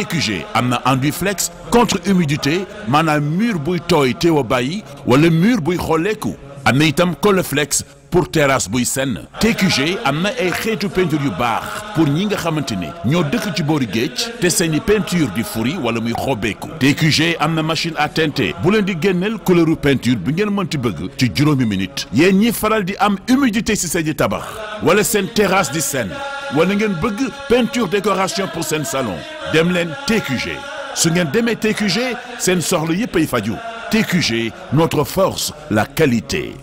TQG am na enduit flex contre humidité maanaam mur buy tooy teew a bàyyi wala mur buy xolleeku am na itam Coleflex pour terrasse buy senn TQG am na ay xeetu peinture yu baax pour ñi nga xamante ni ñoo dëkk ci boori géej te seeni peinture di furi wala muy xobeeku TQG am na machine à teinter bu leen di génneel couleuru peinture bi ngeen mënti bëgg ci juróomi minute yéen ñi faral di am humidité si seeni tabax wala seen terrasse di senn wala ngeen bëgg peinture décoration pour seen salon dem leen TQG su ngeen demee TQG seen soxla yëpp ay faju TQG notre force la qualité.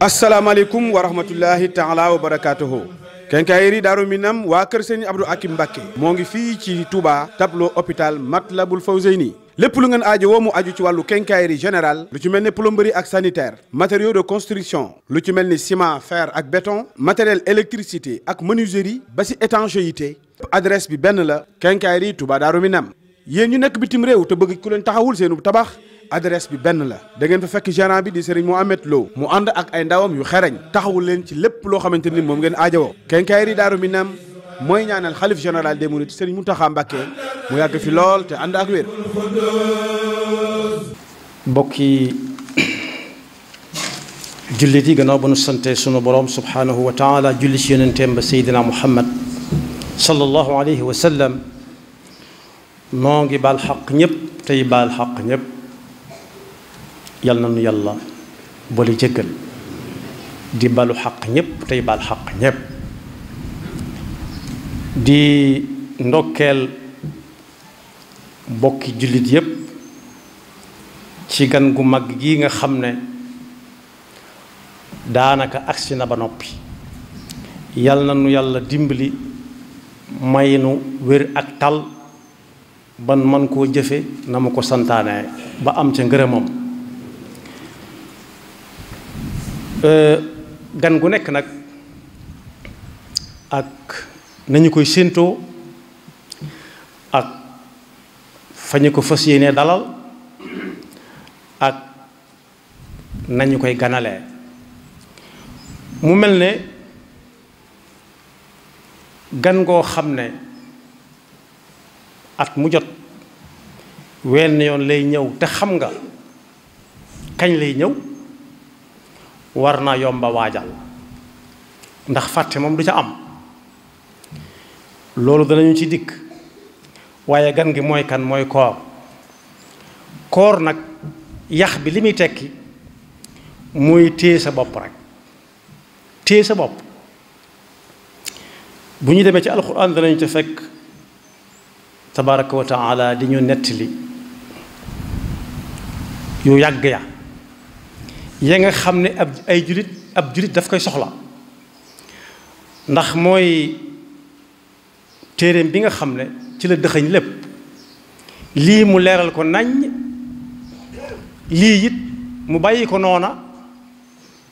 asalaamaaleykum wa rahmatullahi taala wa barakaatuhu. kenkayeri daaru minam waa kër Serigne Abdou Akim Mbacké moo ngi fii ci Touba tableau hôpital Matlabul Fawzeyni lépp lu ngeen aajo woo mu aju ci wàllu quincaillerie général lu ci mel ni plomberie ak sanitaire matériaux de construction lu ci mel ni ciment fer ak béton matériel électricité ak menuiserie ba si étanchéité adresse bi benn la quincaillerie Touba Darou Minam yéen ñu nekk bitim réew te bëgg ku leen taxawul seenu tabax adresse bi benn la da ngeen fa fekk gérant bi di Serigne Mohamed Lo mu ànd ak ay ndawam yu xereñ taxawul leen ci lépp loo xamante ni moom ngeen aajowoo mooy ñaan xalif général des mourides Serigne Mountakha Mbacké mu yàgg fi lool te ànd ak wér. mbokki jullit yi gannaaw ba nu sante sunu borom subhanahu wa taala julli si yonenteem ba Seydina Muhammad sallallahu alayhi wa sallam noo ngi baal xaq ñëpp tey baal xaq ñëpp yal na nu yàlla boole jéggal di balu xaq ñépp tey baal xaq ñëpp. di ndokkeel mbokki jullit yépp ci gan gu mag gi nga xam ne daanaka agsi na ba noppi yal na nu yàlla dimbali may nu wér ak tal ban man koo jëfe na mu ko santaane ba am ca ngërëmam gan gu nekk nag ak nañu koy séentoo ak fañu ko fas yéenee dalal ak nañu koy ganalee mu mel ne gan goo xam ne at mu jot wenn yoon lay ñëw te xam nga kañ lay ñëw war naa yomba waajal ndax fàtte moom du ca am loolu danañu ci dikk waaye gan gi mooy kan mooy koor koor nag yax bi li muy tekki mooy téye sa bopp rek téye sa bopp bu ñu demee ci alxuraan danañu ci fekk tabaraka wa taala di ñu nettali yu yàgg ya ya nga xam ne ab ay julit ab julit daf koy soxla ndax mooy téeréem bi nga xam ne ci la dëxëñ lépp lii mu leeral ko nañ lii it mu bàyyi ko noona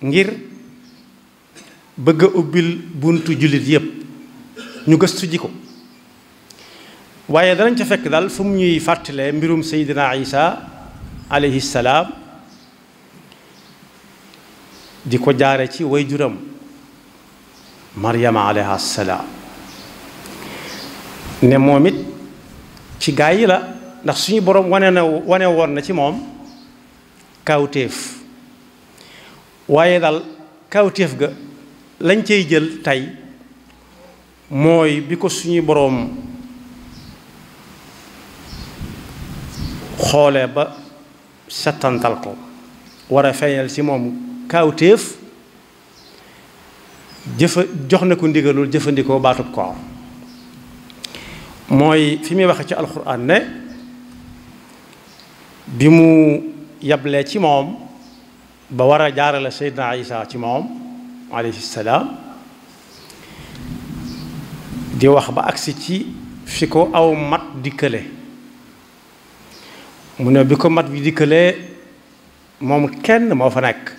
ngir bëgg a ubbil buntu jullit yépp ñu gëstu ji ko waaye danañ ca fekk daal fu mu ñuy fàttalee mbirum Seydina Isa alayhi salaam di ko jaare ci way juram Maryama alayha salaam ne moom it ci gaa yi la ndax suñu borom wane na wane woon na ci moom kawtéef waaye daal kawtéef ga lañ cey jël tey mooy bi ko suñu boroom xoolee ba settantal ko war a feeñal ci moom kawtéef jëfa jox na ko ndigalul jëfandikoo baatub ko mooy fi muy waxe ci alxuraan ne bi mu yablee ci moom ba war a jaarale Seydina Isa ci moom alayhi salaam di wax ba agsi ci fi ko aw mat dikkale mu ne bi ko mat bi dikkalee moom kenn moo fa nekk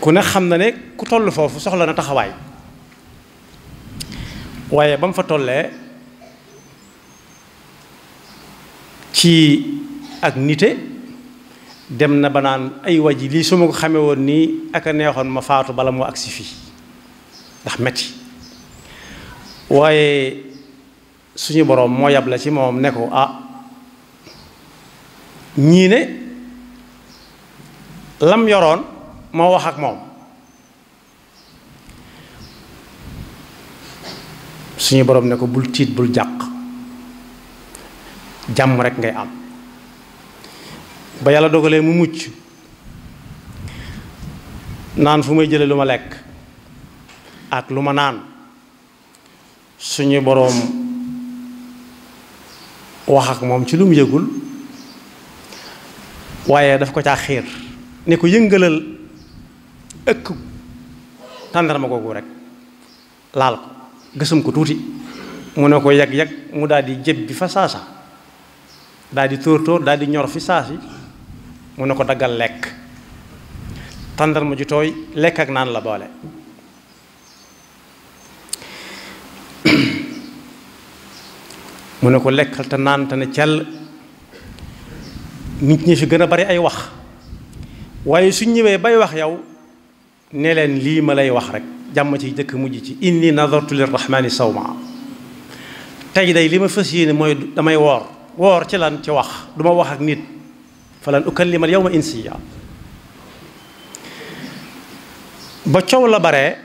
ku ne xam na ne ku toll foofu soxla na taxawaay waaye ba mu fa tollee ci ak nite dem na ba naan ay waji lii su ma ko xamee woon nii ak a neexoon ma faatu bala mu agsi fii ndax metti waaye suñu boroom moo yab la ci moom ne ah ñii lam yoroon moo wax ak moom suñu borom ne ko bul tiit bul jàq jàmm rek ngay am ba yàlla dogalee mu mucc naan fu may jële lu ma lekk ak lu ma naan suñu boroom wax ak moom ci lu mu yëgul waaye daf ko caa xiir ne ko yëngalal ëkk tàndarma googu rek laal ko gësam ko tuuti mu ne ko yag-yag mu daal di jëb bi fa saasa daal di tóor tóor daal di ñor fi saa si mu ne ko daggal lekk tàndarma ju tooy lekk ak naan la boole mu ne ko lekkal te naan te ne cell nit ñi fi gën a bari ay wax waaye suñ ñëwee bay wax yow ne leen lii ma lay wax rek jàmm ci jëkk mujj ci inni nadartu lirrahmani sawma tey day li ma fas yéene mooy damay woor woor ci lan ci wax du ma wax ak nit fa lan ukallima yawma insiya ba coow la bare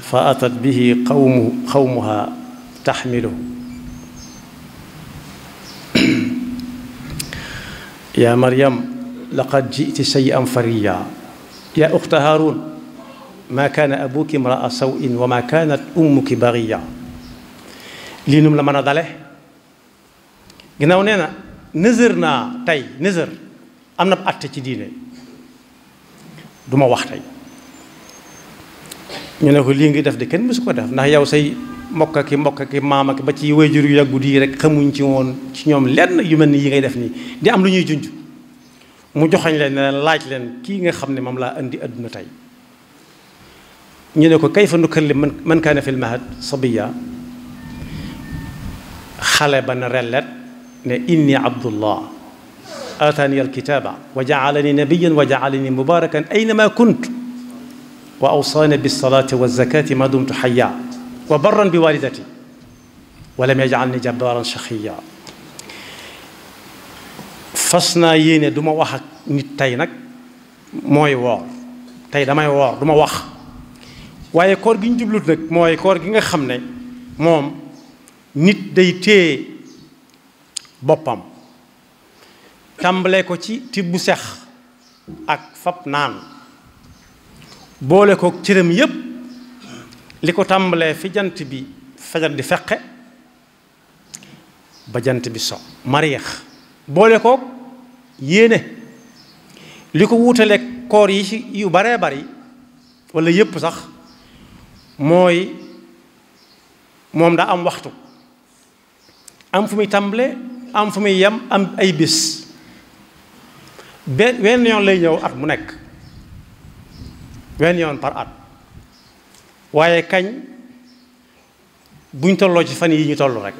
fa atat bihi qawmu qawmuha taxmiluhu yaa maryam laqad jiti shay'an fariya yaa uxta haaruun maa kaana abuki imraa sawin wa maa kaanat ummuki bariya lii num la mën a dale ginnaaw nee na nësër naa tey nësër am na àtte ci diine du ma wax tey ñu ne ko lii ngi def de kenn mësu ko def ndax yow say mbokk ki mbokk ki maama ba ci wayjur yu yàggu dii xamuñ ci woon ci ñoom lenn yu mel ni yi ngay def nii di am lu ñuy junj mu joxañ leen ne laaj leen kii nga xam ne moom laa indi adduna tey ñu ne ko kayfa nukallim man man kaana fil mahad sabiya xale ba na rellet ne inni abdullah atani alkitaba wa jaalani nabiyan wa jaalani mubarakan aynama kunt wa awsaani bilsalati walzakati ma dumtu xaya wa barran bi walidati wa lam yajalni jabbaran shaxiya fas naa yéene duma wax ak nit tey nag mooy woor tey damay woor du wax waaye koor gi ñu jublut nag mooy koor gi nga xam ne moom nit day téye boppam tàmbalee ko ci tibbu sex ak fab naan boole ko cëram yépp li ko tàmbalee fi jant bi fajar di feqe ba jant bi so mariex boole ko yéene li ko wuutaleeg koor yi ci yu bare bari walla yépp sax mooy moom daa am waxtu am fu muy tàmbale am fu muy yem am ay bis benn wenn yoon lay ñëw at mu nekk wenn yoon par at waaye kañ buñ tolloo ci fan yi ñu tollu rek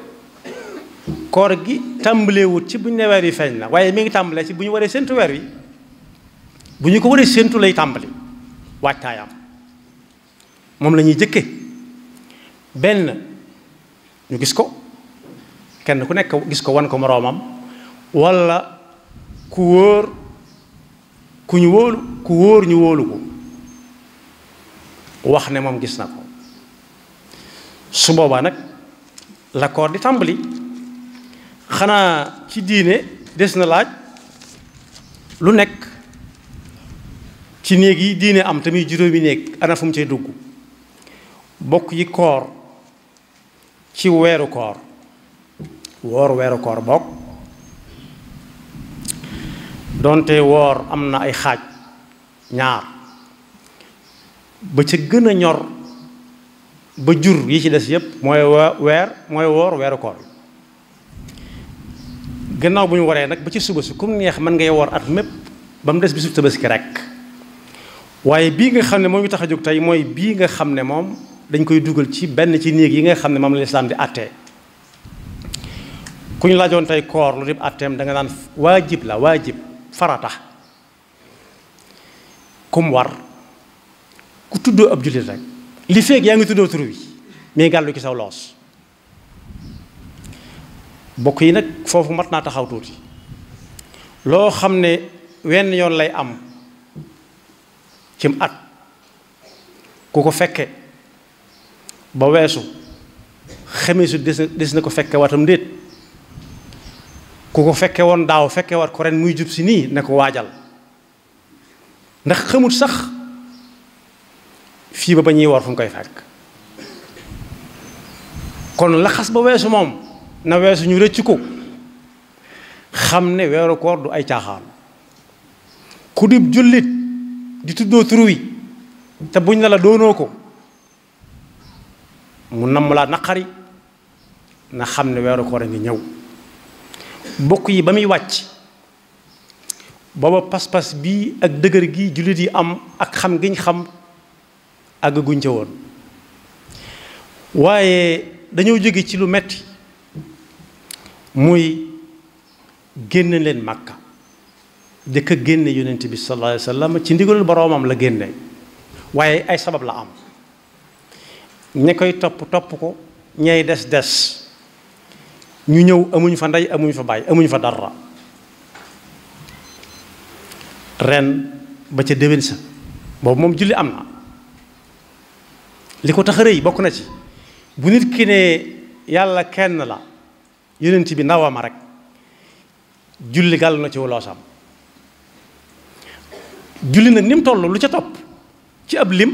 koor gi tàmbaleewut ci bu ñu ne weer wi feeñ na waaye mi ngi tàmbalee ci bu ñu waree séntu weer wi bu ñu ko waree séntu lay tàmbali waajtaayam moom lañuy ñuy jëkke benn ñu gis ko kenn ku nekk gis ko wan ko moroomam walla ku wóor ku ñu wóolu ku wóor ñu wóolu ko wax ne moom gis na ko su boobaa nag la koor di tàmbali xanaa ci diine des na laaj lu nekk ci néeg yi diine am tamit juróomi néeg ana fu dugg bokk yi koor ci weeru koor woor weeru koor bokk doonte woor am na ay xaaj ñaar ba ca gën a ñor ba jur yi ci des yépp mooy weer mooy woor weeru koor gannaaw bu ñu waree nag ba ci suba si ku neex man ngay woor at mépp ba mu des bisu tabaski rek waaye bii nga xam ne moo ñu tax a tey mooy bii nga xam ne moom dañ koy dugal ci benn ci néeg yi nga xam ne moom la lislaam di àttee ku ñu laajoon tey koor lu dib àtteem danga nga naan waajib la waajib farata kum war ku tuddoo ab jullit rek li feeg yaa ngi tuddoo tur wi mais gàll ci saw loos mbokk yi nag foofu mat naa taxaw tuuti loo xam ne wenn yoon lay am cim at ku ko fekke ba weesu xemesu des na des na ko fekke watam déet ku ko fekke woon daaw fekke wat ko ren muy jub si nii ne ko waajal ndax xamut sax fii ba ba ñuy war koy fekk kon la ba weesu moom na weesu ñu rëcc ko xam ne weeru koor du ay caaxaan ku di jullit di tuddoo tur wi te buñ la la doonoo ko mu namm laa naqari na xam ne weeru koor a ngi ñëw bokk yi ba muy wàcc booba pas-pas bii ak dëgër gi jullit yi am ak xam giñ xam àgg guñ ca woon waaye dañoo jóge ci lu metti muy génn leen màkka jëkk a génne yonent bi sallallahu alayhi wa sallam ci ndigalul boroomam la génne waaye ay sabab la am ña koy topp topp ko ñay des des ñu ñëw amuñ fa ndey amuñ fa bàyyi amuñ fa dara ren ba ca déwén sa boobu moom julli am na li ko tax a rëy bokk na ci bu nit ki ne yàlla kenn la yonent bi nawoo ma rek julli gàll na ci woloosam julli nag ni mu toll lu ca topp ci ab lim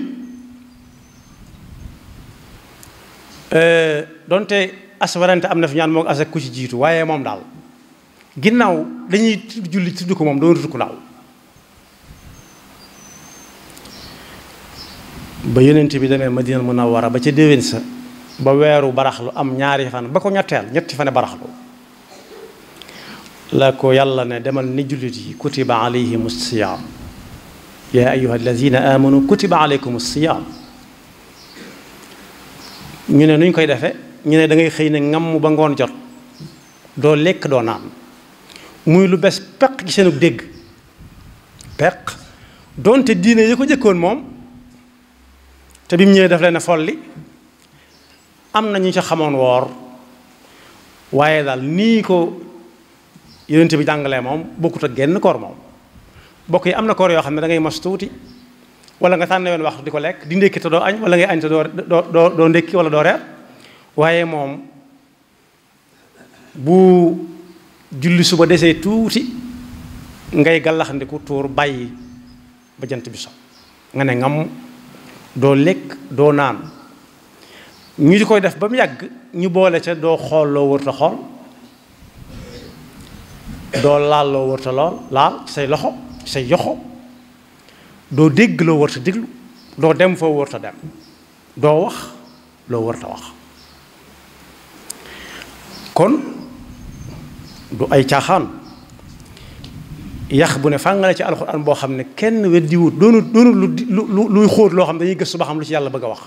euh, doonte as warante am na fi ñaan moo as ku ci jiitu waaye moom daal ginnaaw dañuy julli tudd ko moom doon tudd ko naaw ba yonent bi demee Madina Munawwara ba ca déwén sa ba weeru baraxlu am ñaari fan ba ko ñetteel ñetti fane baraxlu la ko yàlla ne demal ni jullit yi kutiba alayhim siyaam yaa ayuha alladina amanu kutiba alaykum ñu ne nuñ koy defe ñu ne dangay xëy ne ngam ba ngoon jot doo lekk doo naan muy lu bes peq ci seenug dégg peq doonte diine yi ko jëkkoon moom te bi mu ñëwee def leen a folli am na ñu ca xamoon woor waaye daal nii ko yonent bi jàngalee moom bokkut ak genn koor moom bokk yi am na koor yoo xam ne da ngay mos tuuti wala nga tànn wenn waxtu di ko lekk di ndékki te doo añ wala ngay añ te doo doo doo ndékki wala doo reer waaye moom bu julli suba desee tuuti ngay gallaxandiku tuur bàyyi ba jant bi so nga ne ngam doo lekk doo naan ñu di koy def ba mu yàgg ñu boole sa doo xool loo wërta xool doo laal loo wërta lool laal say loxo say yoxo doo dégg loo wërta déglu doo dem foo wërta dem doo wax loo wërta wax kon du ay caaxaan yax bu ne fàngale ci alxuraan boo xam ne kenn weddiwut doonut doonut lu lu luy xóot loo xam ne dañuy gëstu ba xam lu ci yàlla bëgg a wax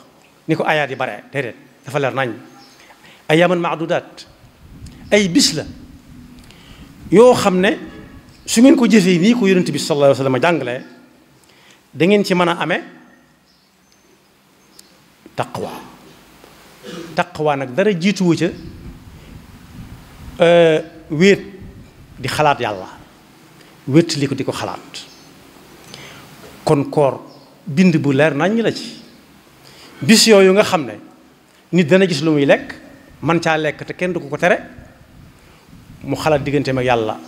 ni ko ayaat yi bare déedéet dafa leer nañ ayaaman maadudaat ay bis la yoo xam ne su ngeen ko jëfee nii ko yonent bi sallallahu alayhi wa sallam jàngale da ngeen ci mën a amee taqwa taqwa nag dara jiituwu ca euh, wéet di xalaat yàlla wéet li ko di ko xalaat kon koor bind bu leer nañ la ci bis yooyu nga xam ne nit dana gis lu muy lekk man caa lekk te kenn du ko tere mu xalaat diggante ak yàlla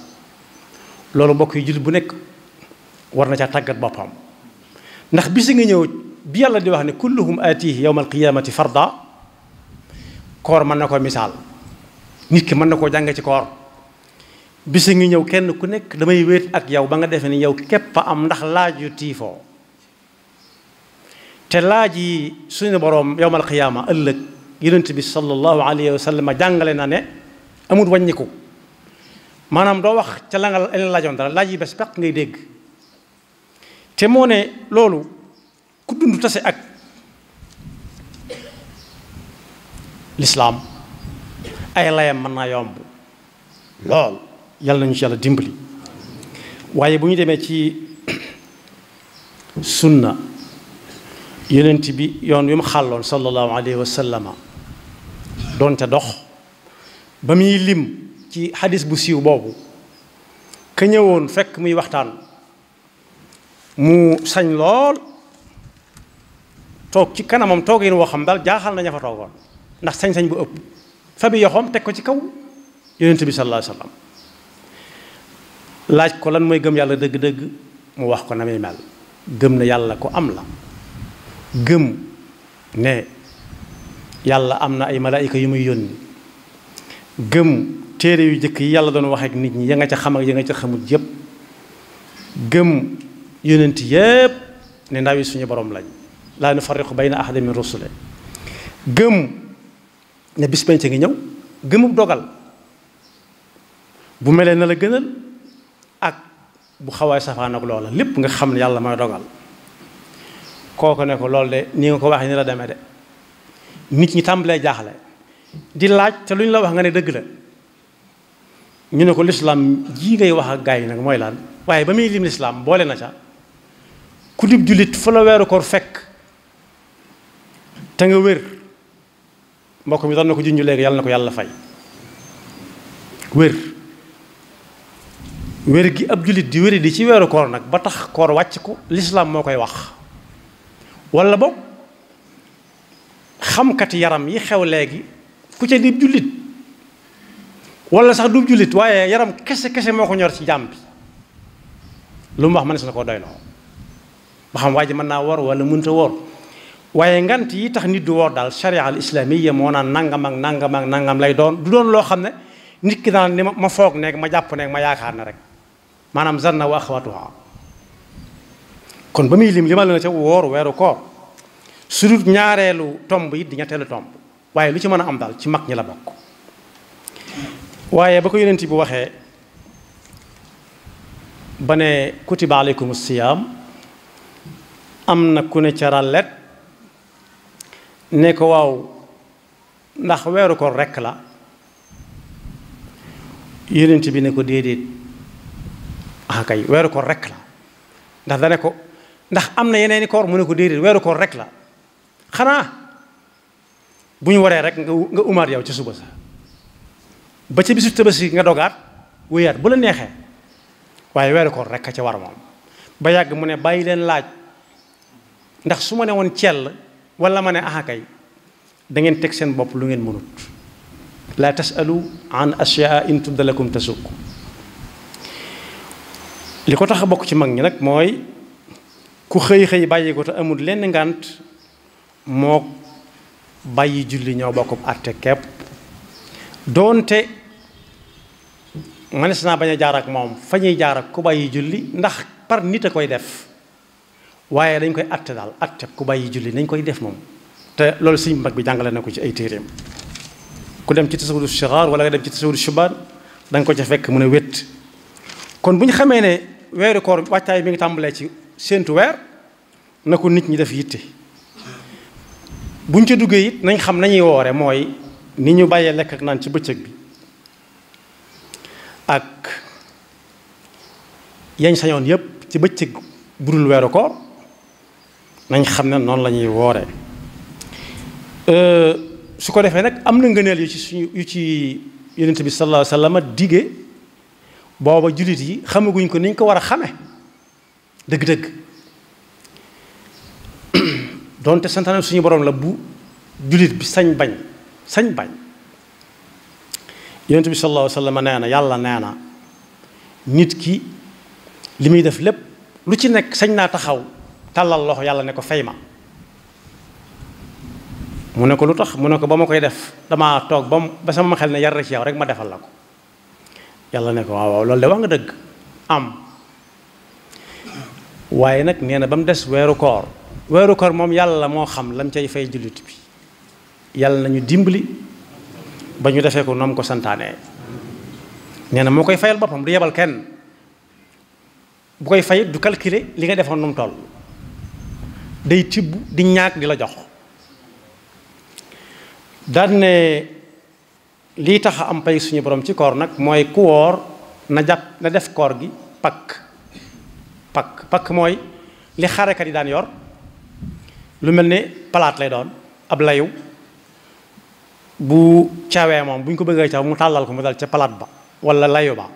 loolu mbokk yi jullit bu nekk war na caa tàggat boppam ndax bisi nga ñëw bi yàlla di wax ne kulluhum aatihi yowma alqiyamati farda koor mën na ko misaal nit ki mën na koo jàng ci koor bisi nga ñëw kenn ku nekk damay wéet ak yow ba nga defee ni yow képp a am ndax laaj yu tiifoo te laaj yi suñu boroom yowmal qiyaama ëllëg yonent bi sallallahu alayhi wa jàngale na ne amul wàññiku maanaam doo wax ca la nga laajoon dara laaj yi bés peq ngay dégg te moo ne loolu ku dund tase ak lislaam ay layam mën naa yomb lool yàlla nañu ci yàlla dimbali waaye bu ñu demee ci sunna yonent bi yoon wi mu xàlloon sallallahu alayhi wa sallama doon ca dox ba muy lim ci xadis bu siiw boobu ka fekk muy waxtaan mu sañ lool toog ci kanamam toogin woo xam daal jaaxal na ña fa toogoon ndax sañ-sañ bu ëpp fa yoxoom teg ko ci kaw yonent bi sallallahu alayhi laaj ko lan mooy gëm yàlla dëgg-dëgg mu wax ko na muy mel gëm na yàlla ko am la gëm ne yàlla am na ay malaayika yu muy yónni gëm téere yu jëkk yi yàlla doon wax nit ñi ya nga ca xam ya nga ca xamut yépp gëm yonent yépp ne ndaw yi suñu borom lañ laa nufarriqu bay na min rusule gëm ne bispence penc ngi ñëw gëmub dogal bu melee na la gënal ak bu xawaay safaan ak loola lépp nga xam ne yàlla mooy dogal kooku ne ko loolu de ni nga ko wax ni la demee de nit ñi tàmbalee jaaxle di laaj te lu ñu la wax nga ne dëgg la ñu ne ko lislaam jii ngay wax ak gaa yi nag mooy lan waaye ba muy lim lislaam boole na ca ku dib jullit fu la weeru koor fekk te nga wér mbokk mi doon na ko junj léegi yàlla na ko yàlla fay wér wér gi ab jullit di wéri di ci weeru koor nag ba tax koor wàcc ko lislaam moo koy wax wala boog xamkati yaram yi xew léegi ku ca dib jullit wala sax du jullit waaye yaram kese kese moo ko ñor ci jàmm bi lu mu wax mën na koo doy loo ba xam waa ji mën naa wor wala mënta wor waaye ngant yi tax nit du wor daal charia al islamiyya moo naan nangam ak nangam ak nangam lay doon du doon loo xam ne nit ki daan ni ma foog nekk ma jàpp nekk ma yaakaar ne rek maanaam na zanna wa axwatuha kon ba muy lim limal na ca woor weeru koor su dul ñaareelu tomb yi di ñetteelu tomb waaye lu ci mën a am daal ci mag ñi la bokk waaye ba ko yonent bi waxee ba ne kutiba aleykum siyaam am na ku ne ca ne ko waaw ndax weeru ko rekk la yonent bi ne ko déedéet ah kay weeru ko rekk la ndax dane ko ndax am na yeneen i koor mu ne ko déedéet weeru koor rek la xanaa bu ñu waree rek nga umaat yow ci suba sa ba ca bisu tabaski nga dogaat wéyaat bu la neexee waaye weeru koor rek a ca war moom ba yàgg mu ne bàyyi leen laaj ndax su ma ne woon cell wala ma ne axakay da ngeen teg seen bopp lu ngeen mënut laa tasalu an ashyaa in tubda lakum tasuk li ko tax a bokk ci mag ñi nag mooy ku xëy xëy bàyyi ko te amul lenn ngant moo bàyyi julli ñoo bokkum àtte kepp doonte manes naa bañ a jaar ak moom fa ñuy jaar ak ku bàyyi julli ndax par nit a koy def waaye dañ koy àtte daal àtte ku bàyyi julli nañ koy def moom te loolu sëñ mag bi jàngale na ko ci ay téeréem ku dem ci tasawudu sixaar wala nga dem ci tasawudu shubaan da nga ko ca fekk mu ne wét kon bu ñu xamee ne weeru koor waajtaay mi ngi tàmbalee ci séentu weer na ko nit ñi def yitte buñ ca duggee it nañ xam nañuy woore mooy ni ñu bàyyee lekk ak naan ci bëccëg bi ak yañ sañoon yépp ci bëccëg bu dul weeru koor nañ xam ne noonu la ñuy woore euh, su ko defee nag am na ngëneel yu ci suñu yu ci yonent bi sallallahu alayhi wa sallam dige booba jullit yi xamaguñ ko niñ ko war a xame dëgg-dëgg doonte santaane suñu boroom la bu jullit bi sañ bañ sañ bañ yonent bi sallallahu alayhi wa yàlla nee na nit ki li muy def lépp lu ci nekk sañ naa taxaw tàllal loxo yàlla ne ko fay ma mu ne ko lu tax mu ne ko ba ma koy def damaa toog ba mu ba sama xel ne yar na ci yow rek ma defal la ko yàlla ne ko waaw waaw loolu de wax nga dëgg waaye nag nee na ba mu des weeru koor weeru koor moom yàlla moo xam lam cay fay jullit bi yàlla nañu dimbali ba ñu defee ko noom ko santaane nee moo koy fayal boppam du yebal kenn bu koy fay du calculer li nga defoon nu mu toll day tibb di ñaag di la jox daan ne lii tax a am pay suñu borom ci koor nag mooy ku woor na jàpp na def koor gi pakk pakk pakk mooy li xarekat yi daan yor lu mel ni palaat lay doon ab layu bu caawee moom bu ñu ko bëggee caw mu tàllal ko mu dal ca palaat ba walla layu ba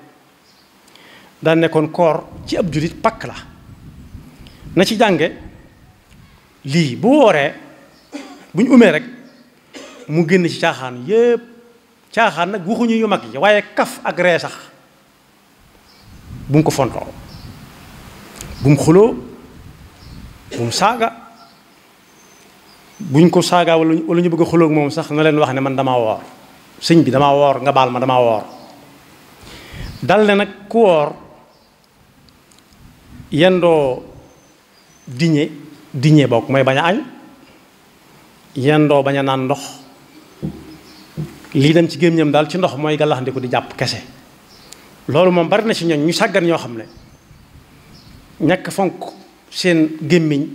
daan nekkoon koor ci ab julit pakk la na ci jànge lii bu wooree bu ñu umee rek mu génn ci caaxaan yépp caaxaan nag waxuñu yu mag yi waaye kaf ak ree sax bu ñu ko fontoo bu mu xuloo bu mu saaga buñ ko saagaa wala ñu bëgg a xuloo moom sax na leen wax ne man damaa woor sëñ bi damaa woor nga baal ma damaa woor dal ne nag ku woor yendoo diñe diñe bokk mooy bañ a añ yendoo bañ a naan ndox lii dem ci gémmiñam daal ci ndox mooy gàllaxandiku di jàpp kese loolu moom bari na si ñoom ñu sàggan ñoo xam ne ñàkk fonk seen gémmiñ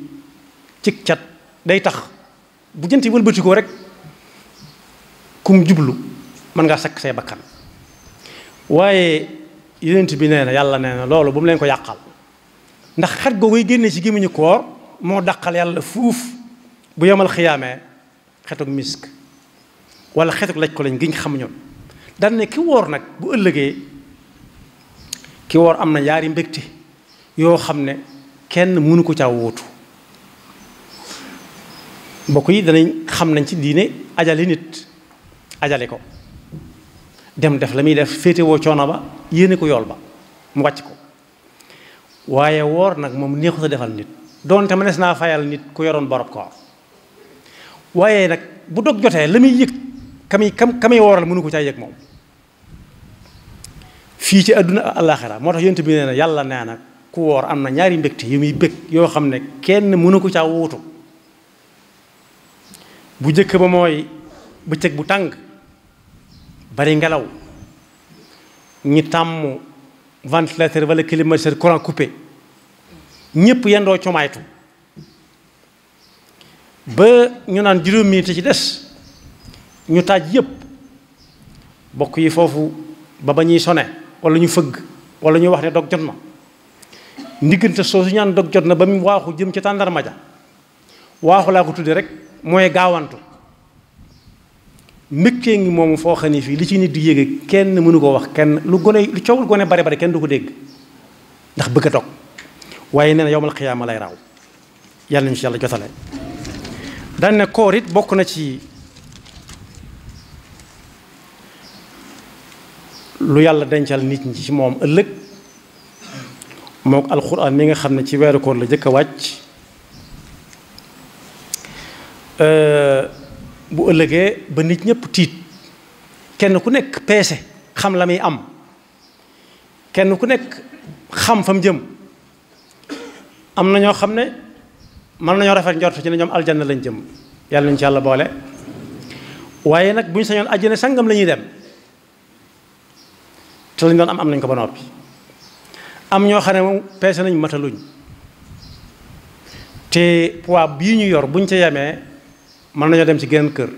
cig cat day tax bu jënt yi wëlbatikoo rek kum jublu man ngaa sakk say bakkan waaye yonent bi nee na yàlla nee na loolu bu mu leen ko yàqal ndax xet googu génnee ci gémmiñu koor moo dàqal yàlla fuuf bu yemal xiyaamee xetug misk wala xetug laj ko lañ giñ xam dan daan ne ki woor nag bu ëllëgee ki woor am na yaari mbégte yoo xam ne kenn mënu ko caa wóotu mbokk yi danañ xam nañ ci diine ajale nit ajale ko dem def la muy def féetewoo coono ba yéene ko yool ba mu wàcc ko waaye woor nag moom neexut a defal nit doonte mënees naa fayal nit ku yoroon borob ko waaye nag bu dog jotee la muy yëg kami kam kami wooral mënu ko caa yëg moom fii ci àdduna àllaaxira moo tax yonent bi nee na yàlla nee na ku woor am na ñaari mbégte yu muy bég yoo xam ne kenn mënu ko caa wuutu bu njëkk ba mooy bëccëg bu tàng bari ngelaw ñi tàmm ventilateur wala climatiseur courant coupé ñëpp yendoo comaaytu ba ñu naan juróom minute ci des ñu taaj yëpp bokk yi foofu ba ba ñuy sone wala ñu fëgg wala ñu wax ne dog jot na ndiggante soosu ñaan dog jot na ba mu waaxu jëm ca tàndarma ja waaxu laa ko tudde rek mooy gaawantu mbëkkee ngi moomu foo xam ne fii li ci nit di yéege kenn mënu ko wax kenn lu gone lu coowul gone bare bare kenn du ko dégg ndax bëgg a toog waaye nee na yowmal xiyaama lay raw yàlla nañu ci yàlla jotale daan ne koor it bokk na ci lu yàlla dencal nit ñi ci moom ëllëg mook alxuraan mi nga xam ne ci weeru koor la jëkk a wàcc bu ëllëgee ba nit ñëpp tiit kenn ku nekk peese xam la muy am kenn ku nekk xam fa mu jëm am na ñoo xam ne mën nañoo rafet njort ci ne ñoom aljanna lañ jëm yàlla nañ ci yàlla boole waaye nag bu ñu sañoon àjjana sangam la ñuy dem te lañ doon am am nañ ko ba noppi am ñoo xam ne moom peese nañu mataluñ te poids bii ñu yor buñ ca yemee mën nañoo dem ci geneen kër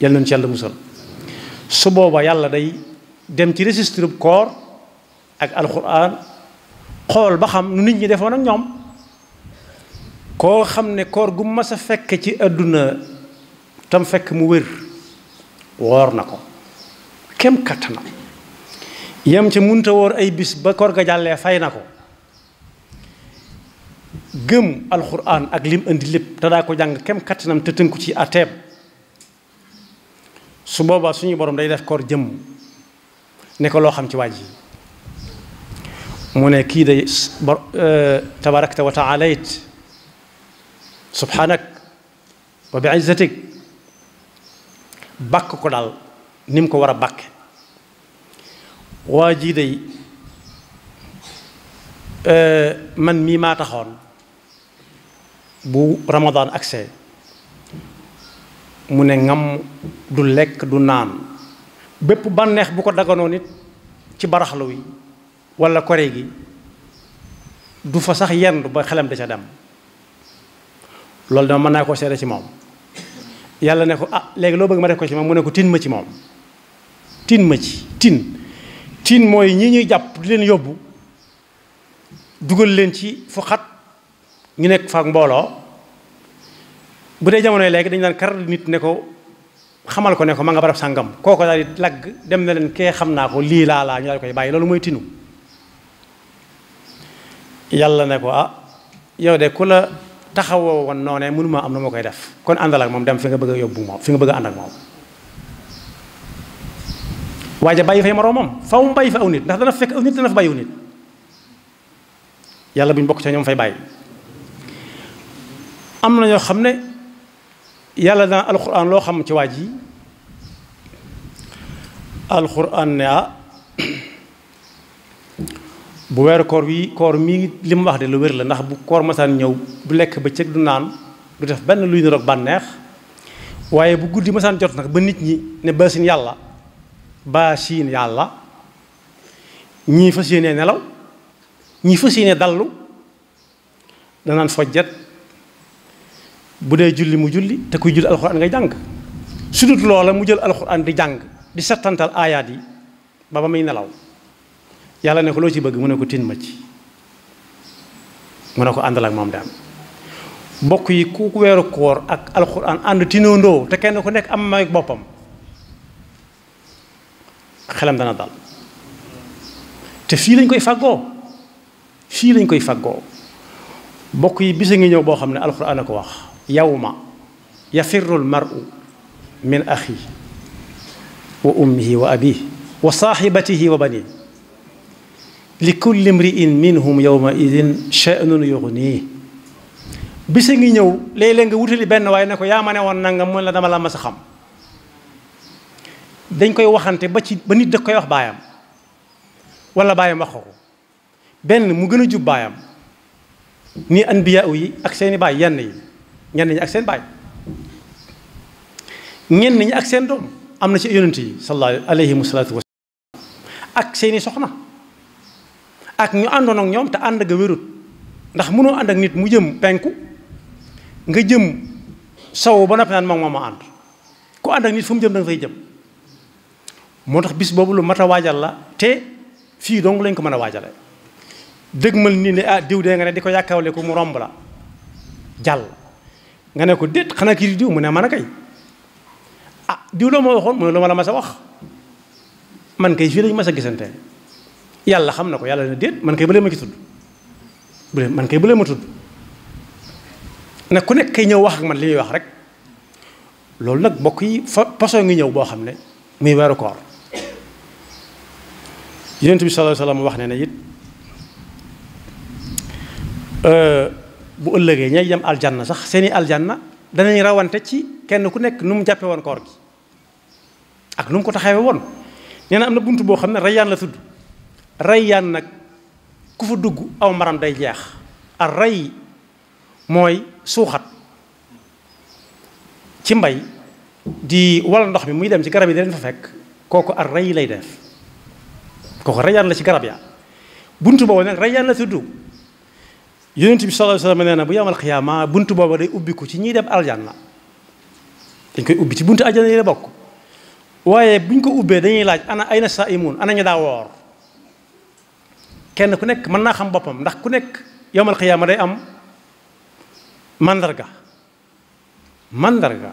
yal nañ ci yàlla musal su booba yàlla day dem ci registre koor ak alxuraan xool ba xam nu nit ñi defoon ak ñoom koo xam ne koor gu mas a fekk ci àdduna tam fekk mu wér woor na ko kem kattanam yam ca munta wóor ay bis ba koor ga jàllee fay na ko gëm alxuraan ak lim indi lépp te daa ko jàng kem kattanam te tënku ci ateeb su boobaa suñu borom day def koor jëmm ne loo xam ci waaj yi mu ne kii day e, tabarakta wa taalait subhanak wa bi izzatik bàkk ko daal ni mu ko war a bàkke waa jii day euh, man mii maa taxoon bu ramadaan akse mu ne ngam du lekk du naan bépp bànneex bu ko daganoon it ci baraxlu wi walla kore gi du fa sax yendu ba xelam da ca dem loolu dama mën na koo seede ci moom yàlla ne ko ah léegi loo bëgg ma def ko ci moom mu ne ko tin ma ci moom tin ma ci tin tiin mooy ñii ñuy jàpp di leen yóbbu dugal leen ci fu xat ñu nekk faak mbooloo bu dee jamonoy léegi dañu daan kar nit ne ko xamal ko ne ko ma nga barab sàngam kooko daal di lagg dem na leen kee xam naa ko lii laa laa ñu daal koy bàyyi loolu mooy tinu yàlla ne ko ah yow de ku la taxawoo woon noonee mënuma am na moo koy def kon àndal ak moom dem fi nga bëgg a yóbbu moom fi nga bëgg a ànd moom waaja ja bàyyi fay moroomam faw bàyyi fa aw nit ndax dana fekk aw nit dana fa bàyyi aw nit yàlla bu ñu bokk ca ñoom fay bàyyi am na ñoo xam ne yàlla dana alxuraan loo xam ci waa ji alxuraan ne ah bu weeru koor wi koor mii li mu wax de lu wér la ndax bu koor masaan ñëw du lekk ba cëg du naan du def benn luy niroog bànneex waaye bu guddi masaan jot nag ba nit ñi ne baasin yàlla baasiin yàlla ñii fas yéenee nelaw ñii fas yéenee dallu danaan fojjat bu dee julli mu julli te kuy julli alxuraan ngay jàng su loola mu jël alxuraan di jàng di sattantal aayaat yi ba ba muy nelaw yàlla ne ko loo ci bëgg mu ne ko tin ma ci mu ne ko àndal ak moom daam mbokk yi ku weeru koor ak alxuraan ànd tinondoo te kenn ku nekk am may boppam xelam dana dal te fii lañ koy fàggoo fii lañ koy fàggoo bokk yi bisa ngi ñëw boo xam ne alxuraan ko wax yawma yafirru almaru min axi wa ummihi wa abihi wa saaxibatihi wa banihi li kulli mriin minhum yawma idin sha'nun yuxniih bisa ngi ñëw léeg-léeg nga wutali benn waaye ne ko yaa ma ne woon nangam mu la dama la mas a xam dañ koy waxante ba ci ba nit da koy wax baayam wala baayam wax ko benn mu gën a jub baayam ni anbiya yi ak seeni baay yenn yi ñenn ñi ak seen baay ñenn ñi ak seen doom am na ci yonent yi sallallahu alayhi wa salaatu ak seeni soxna ak ñu àndoon ak ñoom te ànd ga wérut ndax mënoo ànd ak nit mu jëm penku nga jëm sow ba noppi naan moom moo ma ànd ku ànd ak nit fu mu jëm da fay jëm moo tax bis boobu lu mat a waajal la te fii dong lañ ko mën a waajale dëgmal nii ne ah diw dee nga ne di ko yàkkawle ko mu romb la jàll nga ne ko déet xanaa kii diw mu ne man a kay ah diw la ma waxoon mu ne lu ma la mas a wax man kay fii lañu ma a gisante yàlla xam na ko yàlla ne déet man kay bële ma ci tudd bële man kay bële ma tudd ne ku nekk kay ñëw wax ak man li ñuy wax rek loolu nag bokk yi fa façon ngi ñëw boo xam ne muy weeru yonent bi sallallahu alayhi wasallam wax ne ne it euh, bu ëllëgee ñay dem aljana sax seeni aljanna danañ rawante ci kenn ku nekk nu mu jàppe woon koor gi ak nu mu ko taxawee woon nee na am na bunt boo xam ne rayyaan la tudd rayyaan nag ku fa dugg aw maram day jeex ak ray mooy suuxat ci mbay di wal ndox mi muy dem ci garab yi dañ leen fa fekk kooku rey yi lay def kooku rayaan la ci garab ya bunt boobu nag rayaan la tudd yonent bi sallallahu alayhi wasallam nee na bu yawmal xiyaama buntu boobu day ubbiku ci ñiy dem aljanna dañ koy ubbi ci bunt aljanna yi la bokk waaye buñ ko ubbee dañuy laaj ana ay na saa imun ana ñu daa woor kenn ku nekk mën naa xam boppam ndax ku nekk yawmal xiyaama day am mandarga mandarga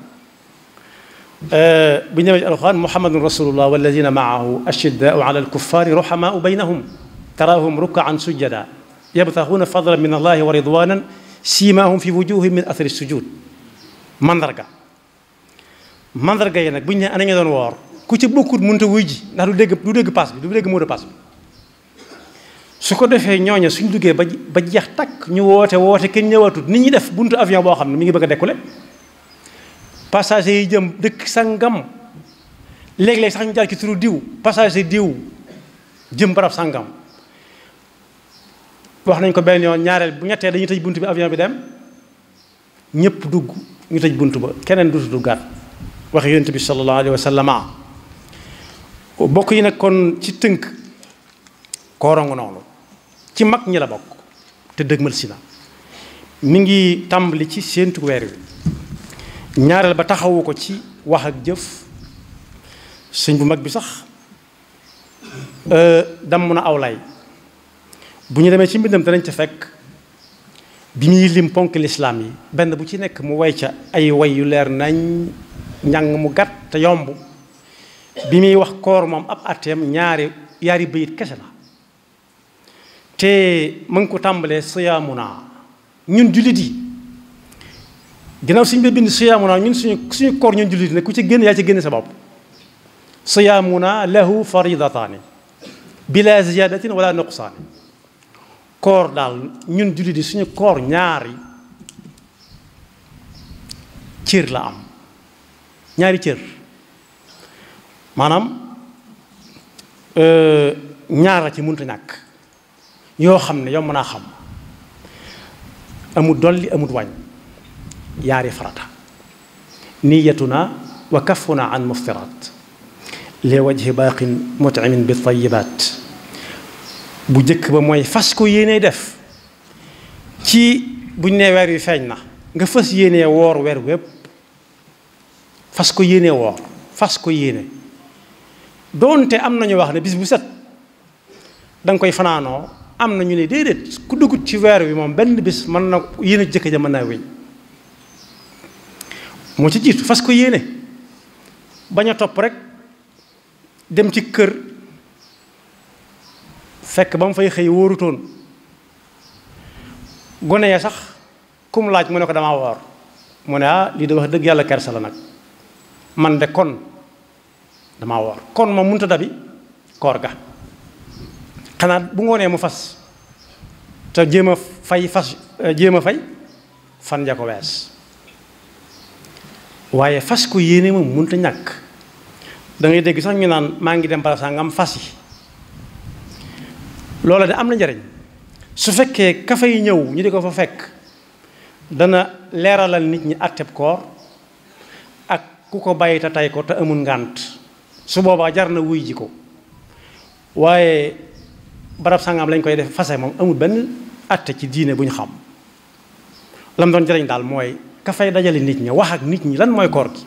bu ñëwee ci alquran muhammadun rasulullah walladina maahu ashiddaau ala alkuffari ruhamaau baynahum taraahum rukaan sujjada yabtaxuuna fadlan min allahi wa ridwanan siimaahum fi wujuhim min athari sujud mandarga mandarga yi nag bu ñu ne ana ñu doon woor ku ci bokkut mënut a wuy ji ndax du dégg du dégg paas bi du dégg mot de paas bi su ko defee ñooña suñ duggee ba ba jeex takk ñu woote woote kenn ñëwaatut nit ñi def buntu avion boo xam ne mi ngi bëgg a dekkule passager yi jëm dëkk sangam léeg-léeg sax ñu jaar ci turu diw passager diw jëm barab sangam wax nañ ko benn yoon ñaareel bu ñettee dañuy tëj bunt bi avion bi dem ñëpp dugg ñu tëj bunt ba keneen dutu gat waxe yonent bi sallallahu alayhi wa sallama bokk yi nag kon ci tënk koorongu noonu ci mag ñi la bokk te dëgmal si na mu ngi tàmbali ci séentu weer wi ñaareel ba taxawu ko ci wax ak jëf sëñ bu mag bi sax euh, damm na aw lay bu ñu demee ci mbindam danañ ca fekk bi muy lim ponk lislaam yi benn bu ci nekk mu way ca ay way leer nañ ñàng mu gàtt te yomb bi muy wax koor moom ab atteem ñaari yaari bayit kese la te ma ko tàmbalee siyaamu naa ñun jullit yi ginnaaw suñ bi bind siyaamunaa ñun suñu suñu koor ñun jullit ne ku ci génn yaa ci génne sa bopp siyaamuna lahu faridataani bila ziyadatin wala nuqsaani koor daal ñun jullit yi suñu koor ñaari cër la am ñaari cër maanaam euh, ñaar la ci mënut a ñàkk yoo xam ne yow mën naa xam amut dolli amut wàññ yaari farata niyatuna wa kafuna an muftiraat li wajhi baaqin mut'imin bi tayyibaat bu jëkk ba mooy fas ko yéenee def ci buñ ne weer wi feeñ na nga fas yéenee woor weer wépp fas ko yéenee woor fas ko yéene doonte am na ñu wax ne bis bu set da koy fanaanoo am na ñu ne déedéet ku dugut ci weer wi moom benn bis mën na yéene jëkk ja mën naa weñ moo ci jiitu fas ko yéene bañ a topp rek dem ci kër fekk ba mu fay xëy wóorutoon gone ya sax kum laaj mu ne ko damaa woor mu ne ah lii de wax dëgg yàlla kersa la nag man de kon damaa woor kon ma munta dabi koor ga xanaa bu ngoonee mu fas te jéem a fay fas eh, jéem a fay fan ja ko wees waaye fas ko yéene moom mënut a ñàkk dangay dégg sax ñu naan maa ngi dem bara sangam fas yi loola de am na njariñ su fekkee kafe yi ñëw ñu di ko fa fekk dana leeralal nit ñi àtteb koor ak ku ko bàyyi te tay ko te amul ngànt su boobaa jar na wuy ji ko waaye barab sangam lañ koy def fase moom amul benn àtte ci diine buñ xam lam doon jariñ daal mooy ka fay dajale nit ñi wax ak nit ñi lan mooy koor gi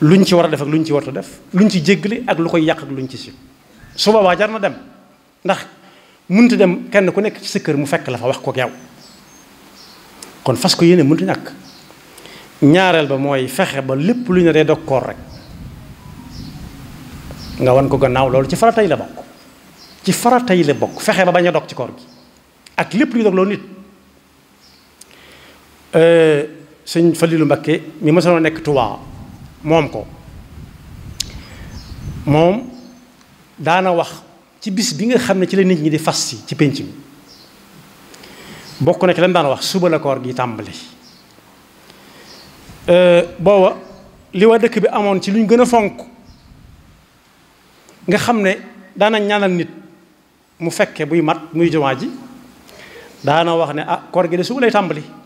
luñ ci war a def ak luñ ci warta def luñ ci jéggale ak lu koy yàq ak luñ ci si su boobaa jar na dem ndax mënut dem kenn ku nekk ci sa kër mu fekk la fa wax ko yow kon fas ko yéene mënut ñàkk ñaareel ba mooy fexe ba lépp lu ñu dee dog koor rek nga wan ko gannaaw loolu ci farata yi la bokk ci farata la bokk fexe ba bañ a dog ci koor gi ak lépp luy dog nit Euh, sëñ Falilu Mbakke mi mësoon nekk Touba moom ko moom daana wax ci bis bi nga xam ne ci la nit ñi di fas si ci pénc mi bokk na ci lan daan wax suba la koor gi tàmbali euh, booba li waa dëkk bi amoon ci lu ñu gën a fonk nga xam ne daana ñaanal nit mu fekke buy mat muy jumaa ji daana wax ne ah koor gi de suba lay tàmbali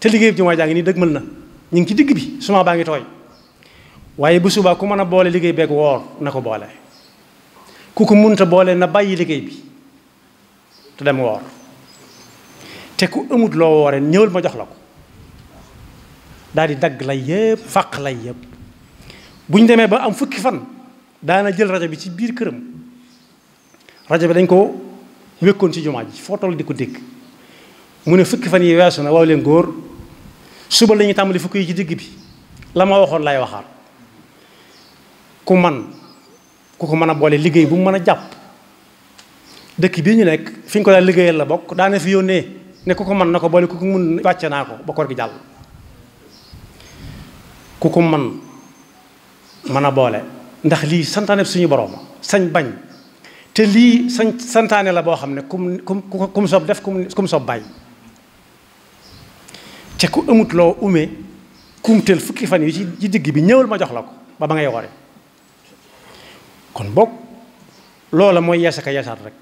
te liggéey bi jumaa jaa ngi nii dëgmal na ñu ngi ci digg bi suma baa ngi tooy waaye bu subaa ku mën a boole liggéey beeg woor na ko boole ku ko munta boole na bàyyi liggéey bi te dem woor te ku amut loo wooree ñëwal ma jox la ko daal dagg lay yëpp fàq lay yëpp bu demee ba am fukki fan daana jël rajo bi ci biir këram rajo bi dañ ko wékkoon ci jumaa ji foo toll di ko dégg mu ne fukki fan yi weesu na waaw leen góor suba la ñuy tàmbali fukk yi ci digg bi la ma waxoon lay waxaat ku man ku ko mën a boole liggéey bu mu mën a jàpp dëkk bii ñu nekk fi ñu ko daan liggéeyal la bokk daane fi yónnee ne ku ko mën na ko boole ku ko mun wàcce naa ko ba koor gi jàll ku ko man mën a boole ndax lii santaane suñu borom sañ bañ te lii sañ santaane la boo xam ne kum kum kum soob def kum kum soob ca ku amut loo umee kumteel fukki fan yi ci digg bi ñëwal ma jox la ko ba ba ngay ware kon boog loola mooy yeesa yeesaat rek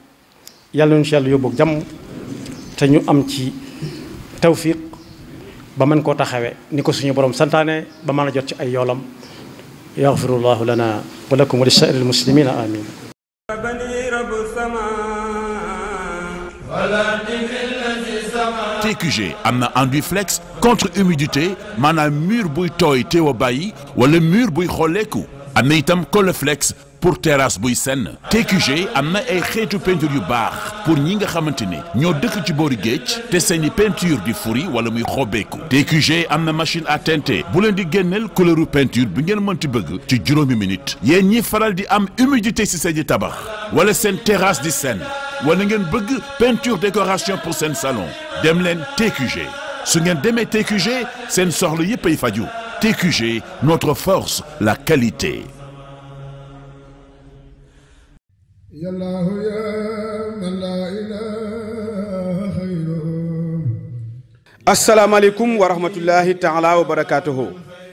yàlla nañu si yàlla yóbbu jàmm te ñu am ci tawfiq ba man koo taxawee ni ko suñu boroom santaane ba mën a jot ci ay yoolam yaxfirullahu lana wa lakum wa li saa'iril muslimina amin TQG am na enduit flex contre humidité maanaam mur buy tooy teew a bàyyi wala mur buy xolleeku am na itam Coleflex pour terrasse buy senn TQG am na ay xeetu peinture yu baax pour ñi nga xamante ni ñoo dëkk ci boori géej te seeni peinture di furi wala muy xobbeeku TQG am na machine à bu leen di génneel couleuru peinture bi ngeen mënti bëgg ci juróomi minute yéen ñi faral di am humidité si seeni tabax wala seen terrasse di seen wala ngeen bëgg peinture décoration pour seen salon dem leen TQG su ngeen demee TQG seen soxla yëpp ay faju TQG notre force la qualité. asalaamaaleykum wa rahmatullahi taala wa barakaatuhu.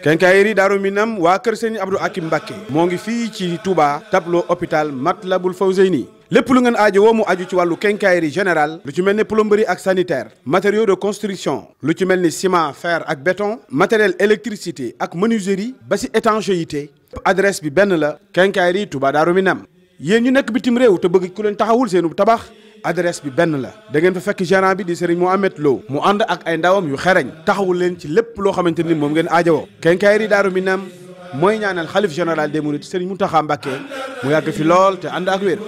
kenkaayeri daaru minam waa kër sëñ Abdou Akim Mbacké moo ngi fii ci Touba tableau hôpital Matlabul Fawzeyni lépp lu ngeen aajo woo mu aju ci wàllu quincaillerie général lu ci mel ni plomberie ak sanitaire matériaux de construction lu ci mel ni ciment fer ak béton matériel électricité ak menuiserie ba si étanchéité adresse bi benn la quincaillerie Touba Darou Minam yéen ñu nekk bitim réew te bëgg ku leen taxawul seenu tabax adresse bi benn la da ngeen fa fekk gérant bi di Serigne Mohamed Lo mu ànd ak ay ndawam yu xereñ taxawul leen ci lépp loo xamante ni moom ngeen aajowoo mooy ñaanal xalif général des mourides Serigne Mountakha Mbacké mu yàgg fi lool te ànd ak wér